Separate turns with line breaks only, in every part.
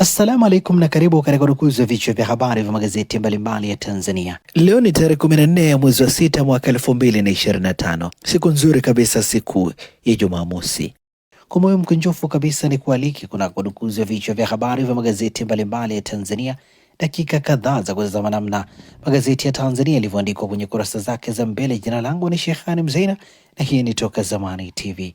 Assalamu alaikum na karibu katika udukuzi wa vichwa vya habari vya magazeti mbalimbali ya Tanzania. Leo ni tarehe 14 ya mwezi wa sita mwaka 2025, siku nzuri kabisa, siku ya Jumamosi. Kwa moyo mkunjofu kabisa ni kualiki kuna udukuzi wa vichwa vya habari vya magazeti mbalimbali ya Tanzania, dakika kadhaa za kutazama namna magazeti ya Tanzania yalivyoandikwa kwenye kurasa zake za mbele. Jina langu ni shehani Mzeina na hii ni Toka Zamani TV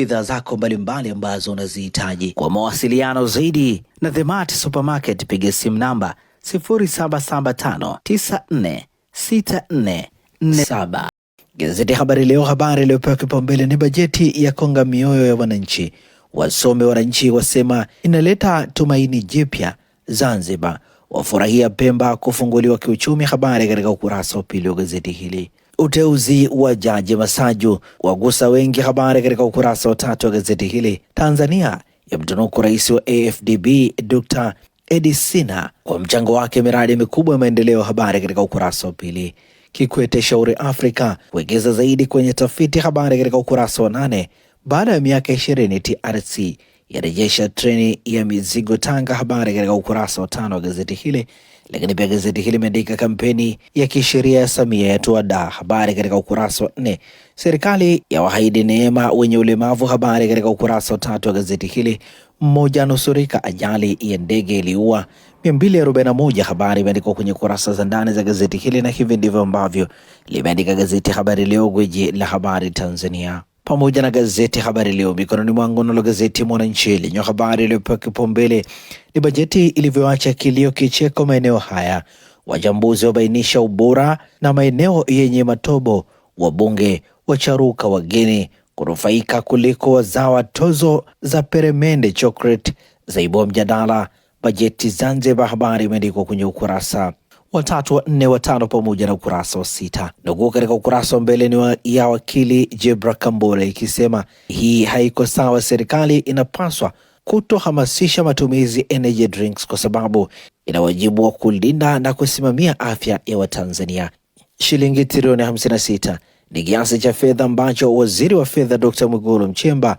bidhaa zako mbalimbali ambazo unazihitaji. Kwa mawasiliano zaidi na The Mart Supermarket, piga simu namba 0775946447. Gazeti Habari Leo, habari iliyopewa kipaumbele ni bajeti ya konga mioyo ya wananchi. Wasome wananchi wasema inaleta tumaini jipya Zanzibar, wafurahia Pemba kufunguliwa kiuchumi. Habari katika ukurasa wa pili wa gazeti hili. Uteuzi wa Jaji Masaju wagusa wengi. Habari katika ukurasa wa tatu wa gazeti hili. Tanzania yamtunuku rais wa AfDB Dr. Edi Sina kwa mchango wake miradi mikubwa ya maendeleo. Habari katika ukurasa wa pili. Kikwete shauri Afrika kuwekeza zaidi kwenye tafiti. Habari katika ukurasa wa nane. Baada ya miaka ishirini TRC yarejesha treni ya mizigo Tanga. Habari katika ukurasa wa tano wa gazeti hili lakini pia gazeti hili limeandika kampeni ya kisheria ya Samia yatoa daa, habari katika ukurasa wa nne. Serikali ya wahaidi neema wenye ulemavu, habari katika ukurasa wa tatu wa gazeti hili. Mmoja anusurika ajali ya ndege iliua 241 habari imeandikwa kwenye kurasa za ndani za gazeti hili, na hivi ndivyo ambavyo limeandika gazeti Habari Leo, gwiji la habari Tanzania pamoja na gazeti Habari Leo mikononi mwangu. Nalo gazeti Mwananchi lenye habari iliyopewa kipaumbele ni bajeti ilivyoacha kilio kicheko maeneo haya, wachambuzi wabainisha ubora na maeneo yenye matobo, wabunge wacharuka, wageni kunufaika kuliko wazawa, tozo za peremende chocolate zaibua mjadala bajeti Zanzibar. Habari imeandikwa kwenye ukurasa watatu, wanne, watano pamoja na ukurasa wa sita. Nukuu katika ukurasa wa mbele ni wa ya wakili Jebra Kambole ikisema hii haiko sawa, serikali inapaswa kutohamasisha matumizi energy drinks kwa sababu ina wajibu wa kulinda na kusimamia afya ya Watanzania. Shilingi trilioni 56 ni kiasi cha fedha ambacho waziri wa fedha Dr. Mwigulu Mchemba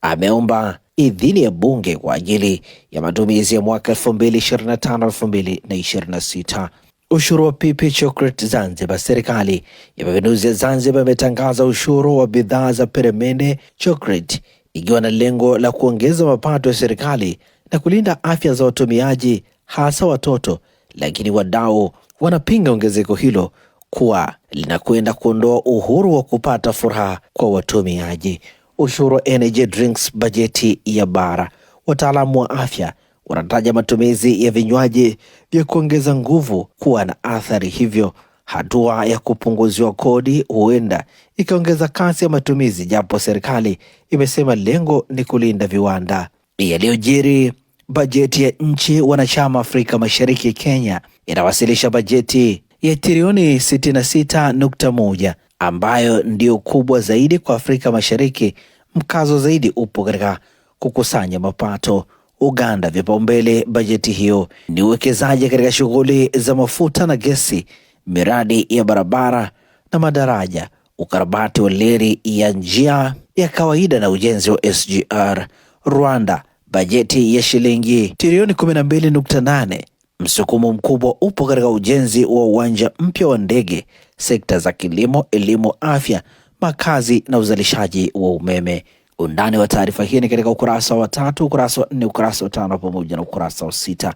ameomba idhini ya bunge kwa ajili ya matumizi ya mwaka 2025 2026. Ushuru wa pipi chocolate Zanzibar. Serikali ya Mapinduzi ya Zanzibar imetangaza ushuru wa bidhaa za peremende chocolate, ikiwa na lengo la kuongeza mapato ya serikali na kulinda afya za watumiaji, hasa watoto, lakini wadau wanapinga ongezeko hilo kuwa linakwenda kuondoa uhuru wa kupata furaha kwa watumiaji. Ushuru wa energy drinks bajeti ya bara. Wataalamu wa afya wanataja matumizi ya vinywaji vya kuongeza nguvu kuwa na athari, hivyo hatua ya kupunguziwa kodi huenda ikaongeza kasi ya matumizi, japo serikali imesema lengo ni kulinda viwanda. Yaliyojiri bajeti ya nchi wanachama Afrika Mashariki, Kenya inawasilisha bajeti ya trilioni 66.1 ambayo ndiyo kubwa zaidi kwa Afrika Mashariki. Mkazo zaidi upo katika kukusanya mapato. Uganda. Vipaumbele bajeti hiyo ni uwekezaji katika shughuli za mafuta na gesi, miradi ya barabara na madaraja, ukarabati wa leri ya njia ya kawaida na ujenzi wa SGR. Rwanda, bajeti ya shilingi trilioni 12.8. Msukumo mkubwa upo katika ujenzi wa uwanja mpya wa ndege, sekta za kilimo, elimu, afya, makazi na uzalishaji wa umeme. Undani wa taarifa hii ni katika ukurasa wa tatu, ukurasa wa nne, ukurasa wa tano pamoja na ukurasa wa sita.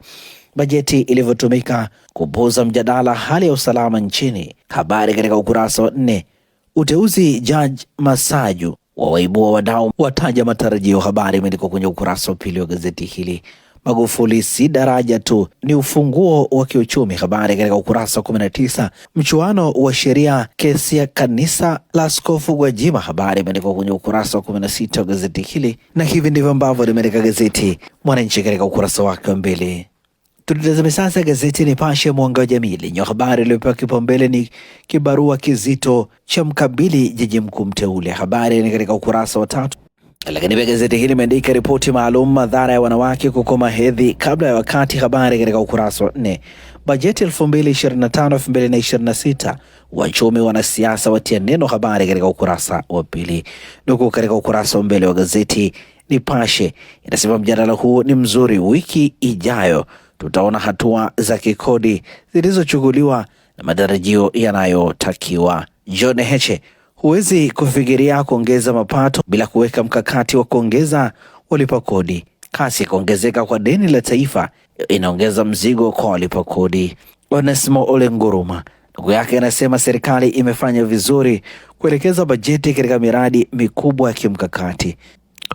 Bajeti ilivyotumika kupuza mjadala hali ya usalama nchini, habari katika ukurasa wa nne. Uteuzi Jaji Masaju wawaibua wadau, wataja matarajio, habari imeandikwa kwenye ukurasa wa pili wa gazeti hili. Magufuli si daraja tu, ni ufunguo wa kiuchumi. Habari katika ukurasa wa 19. Mchuano wa sheria, kesi ya kanisa la askofu Gwajima, habari imeandikwa kwenye ukurasa wa 16 wa gazeti hili, na hivi ndivyo ambavyo limeandika gazeti Mwananchi katika ukurasa wake wa mbele. Tutazame sasa gazeti Nipashe mwanga wa jamii lenye habari iliyopewa kipaumbele ni kibarua kizito cha mkabili jaji mkuu mteule. Habari ni katika ukurasa wa tatu. Lakini pia gazeti hili limeandika ripoti maalum madhara ya wanawake kukoma hedhi kabla ya wakati, habari katika ukurasa wa nne. Bajeti 2025 2026 wachumi wanasiasa watia neno, habari katika ukurasa wa pili. Nuku katika ukurasa wa mbele wa gazeti Nipashe inasema mjadala huu ni mzuri, wiki ijayo tutaona hatua za kikodi zilizochukuliwa na matarajio yanayotakiwa. John Heche Huwezi kufikiria kuongeza mapato bila kuweka mkakati wa kuongeza walipa kodi. Kasi ya kuongezeka kwa deni la taifa inaongeza mzigo kwa walipa kodi. Onesmo Ole Nguruma ndugu yake anasema serikali imefanya vizuri kuelekeza bajeti katika miradi mikubwa ya kimkakati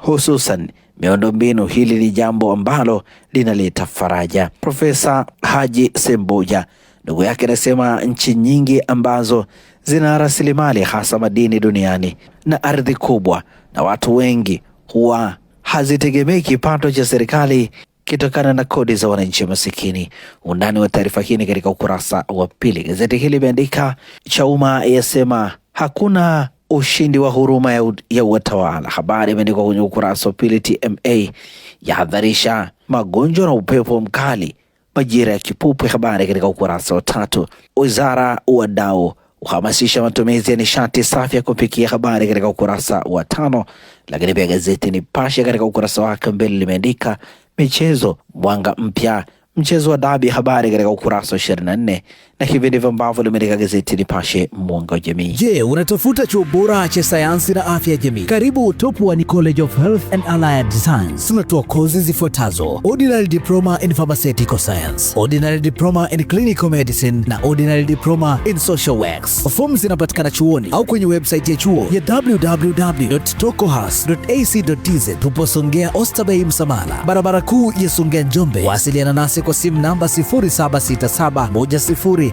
hususan miundombinu. Hili ni jambo ambalo linaleta faraja. Profesa Haji Semboja ndugu yake anasema nchi nyingi ambazo zina rasilimali hasa madini duniani na ardhi kubwa, na watu wengi huwa hazitegemei kipato cha serikali kitokana na kodi za wananchi masikini. Undani wa taarifa hii ni katika ukurasa wa pili. Gazeti hili limeandika Chauma yasema hakuna ushindi wa huruma ya, ya utawala. Habari imeandikwa kwenye ukurasa wa pili. TMA yahadharisha magonjwa na upepo mkali majira ya kipupwe. Habari katika ukurasa wa tatu. Wizara wadau kuhamasisha matumizi ya nishati safi ya kupikia, habari katika ukurasa wa tano. Lakini pia gazeti Nipashe katika ukurasa wake mbele limeandika michezo, mwanga mpya mchezo wa dabi, habari katika ukurasa wa ishirini na nne na hivi ndivyo ambavyo limeandika gazeti Nipashe mwanga wa jamii.
Je, unatafuta chuo bora cha sayansi na afya ya jamii? Karibu top Utopuani College of Health and Allied Science. Tunatoa kozi zifuatazo: ordinary diploma in pharmaceutical science, ordinary diploma in clinical medicine na ordinary diploma in social works. Fomu zinapatikana chuoni au kwenye website ya chuo ya www.tokohas.ac.tz. Tupo Songea osterbay Msamala, barabara kuu ya Songea Njombe. Wasiliana nasi kwa simu namba 0767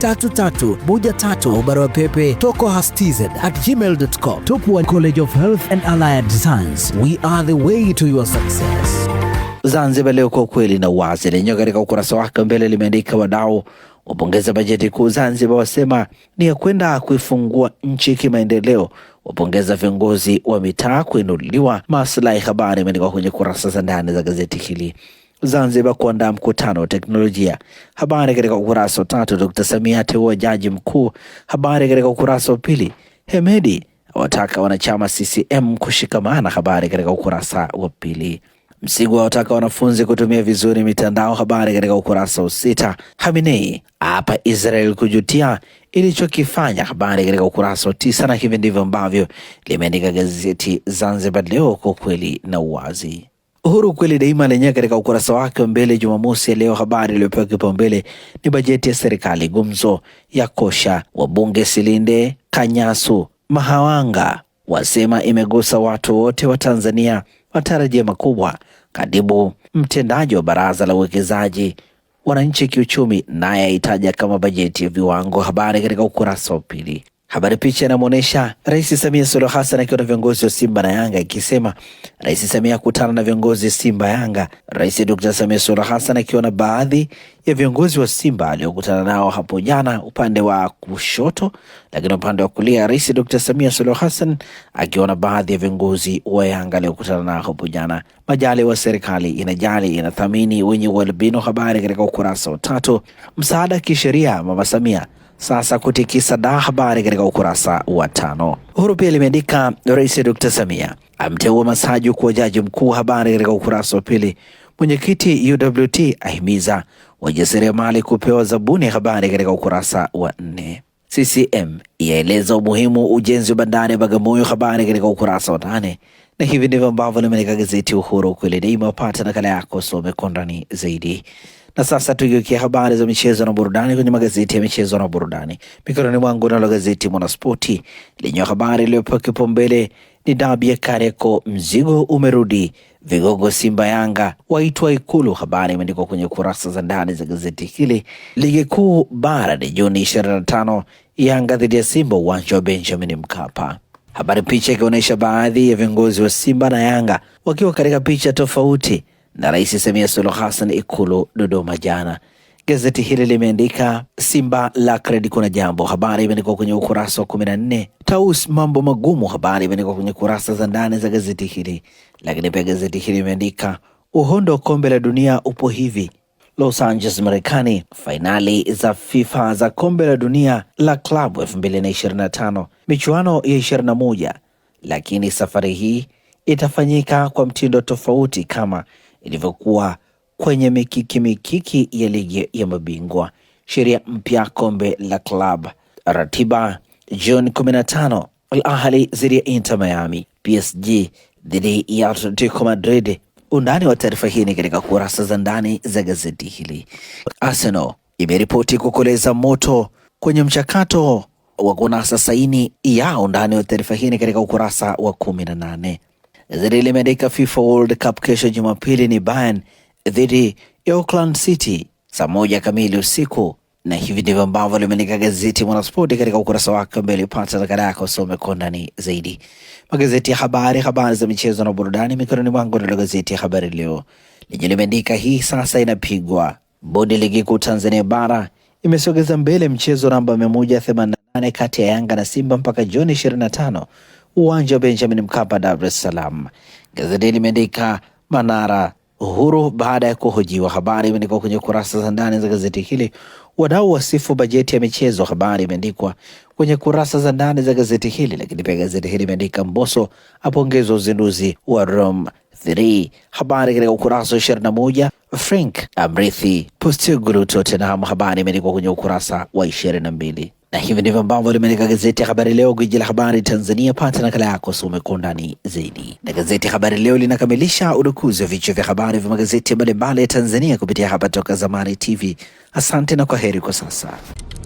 barua pepe at gmail com. Tupwa College of Health and Allied Science, we are the way to your success.
Zanzibar Leo kwa ukweli na uwazi lenyewe katika ukurasa wake mbele limeandika wadau wapongeza bajeti kuu Zanzibar, wasema ni ya kwenda kuifungua nchi kimaendeleo, wapongeza viongozi wa mitaa kuinuliwa maslahi. Habari imeandikwa kwenye kurasa za ndani za gazeti hili. Zanzibar kuandaa mkutano wa teknolojia. Habari katika ukurasa wa tatu. Dr. Samia ateua jaji mkuu. Habari katika ukurasa wa pili. Hemedi awataka wanachama CCM kushikamana. Habari katika ukurasa wa pili. Msigu awataka wanafunzi kutumia vizuri mitandao. Habari katika ukurasa wa sita. Haminei hapa Israel kujutia ilichokifanya. Habari katika ukurasa wa tisa. Na hivi ndivyo ambavyo limeandika gazeti Zanzibar Leo, kwa kweli na uwazi. Uhuru kweli daima lenyewe katika ukurasa wake wa mbele Jumamosi ya leo, habari iliyopewa kipaumbele ni bajeti ya serikali, gumzo ya kosha wabunge Silinde, Kanyasu, Mahawanga wasema imegusa watu wote wa Tanzania, watarajia makubwa. Katibu mtendaji wa baraza la uwekezaji wananchi kiuchumi, naye aitaja kama bajeti ya viwango. Habari katika ukurasa wa pili. Habari picha inamwonyesha Rais Samia Suluhu Hassan akiwa na viongozi wa Simba na Yanga ikisema Rais Samia akutana na viongozi Simba Yanga. Rais Dr. Samia Suluhu Hassan akiwa na baadhi ya viongozi wa Simba aliokutana nao hapo jana upande wa kushoto, lakini upande wa kulia Rais Dr. Samia Suluhu Hassan akiwa na baadhi ya viongozi wa Yanga aliokutana nao hapo jana. Majali wa serikali inajali inathamini wenye ualbino, habari katika ukurasa wa tatu. Msaada kisheria mama Samia sasa kutikisa da. Habari katika ukurasa wa tano. Uhuru pia limeandika Rais Dr. Samia amteua Masaju kuwa jaji mkuu, habari katika ukurasa wa pili. Mwenyekiti UWT ahimiza wajasiriamali kupewa zabuni, habari katika ukurasa wa nne. CCM yaeleza umuhimu ujenzi wa bandari ya Bagamoyo, habari katika ukurasa wa nane. Na hivi ndivyo ambavyo limeandika gazeti Uhuru, ukweli daima. Pata nakala yako, some kwa zaidi. Na sasa tugeukia habari za michezo na burudani kwenye magazeti ya michezo na burudani. Mikononi mwangu nalo gazeti Mwanaspoti lenye habari iliyopewa kipaumbele ni dabi ya Kariakoo, mzigo umerudi, vigogo Simba Yanga waitwa Ikulu. Habari imeandikwa kwenye kurasa za ndani za gazeti hili. Ligi kuu bara ni Juni 25, Yanga dhidi ya Simba uwanja wa Benjamin Mkapa. Habari picha ikionyesha baadhi ya viongozi wa Simba na Yanga wakiwa katika picha tofauti na Rais Samia Suluhu Hassan Ikulu Dodoma jana. Gazeti hili limeandika Simba la kredi kuna jambo, habari imeandikwa kwenye ukurasa wa kumi na nne. Taus mambo magumu, habari imeandikwa kwenye kurasa za ndani za gazeti hili. Lakini pia gazeti hili limeandika uhondo wa kombe la dunia upo hivi Los Angeles Marekani, fainali za FIFA za kombe la dunia la klabu 2025 michuano ya 21, lakini safari hii itafanyika kwa mtindo tofauti kama ilivyokuwa kwenye mikiki mikiki ya ligi ya mabingwa, sheria mpya kombe la club, ratiba Juni 15 Al Ahli dhidi ya Inter Miami, PSG dhidi ya Atletico Madrid. Undani wa taarifa hii ni katika kurasa za ndani za gazeti hili. Arsenal imeripoti kukoleza moto kwenye mchakato wa kunasa saini yao. Ndani ya taarifa hii ni katika ukurasa wa kumi na nane. Gazeti limeandika FIFA World Cup kesho Jumapili ni Bayern dhidi ya Auckland City saa moja kamili usiku, na hivi ndivyo ambavyo limeandika gazeti Mwanaspoti katika ukurasa wake mbele. Pata nakala yako usome kwa undani zaidi. Magazeti ya habari, habari za michezo na burudani mikononi mwangu, ndilo gazeti ya Habari Leo lenye limeandika hii sasa inapigwa. Bodi ligi kuu Tanzania bara imesogeza mbele mchezo namba 188 kati ya Yanga na Simba mpaka Juni 25 uwanja wa Benjamin Mkapa, Dar es Salaam. Gazeti limeandika Manara Uhuru baada ya kuhojiwa. Habari imeandikwa kwenye kurasa za ndani za gazeti hili. Wadau wasifu bajeti ya michezo, habari imeandikwa kwenye kurasa za ndani za gazeti hili. Lakini pia gazeti hili imeandika mboso apongezwa uzinduzi wa Rome 3, habari katika ukurasa wa ishirini na moja. Frank amrithi Postecoglou Tottenham, habari imeandikwa kwenye ukurasa wa ishirini na mbili na hivi ndivyo ambavyo limeandika gazeti ya Habari Leo, gwiji la habari Tanzania. Pata nakala yako some kwa undani zaidi. Na gazeti ya Habari Leo linakamilisha udukuzi wa vichwa vya habari vya magazeti mbalimbali ya Tanzania kupitia hapa Toka Zamani TV. Asante na kwa heri kwa sasa.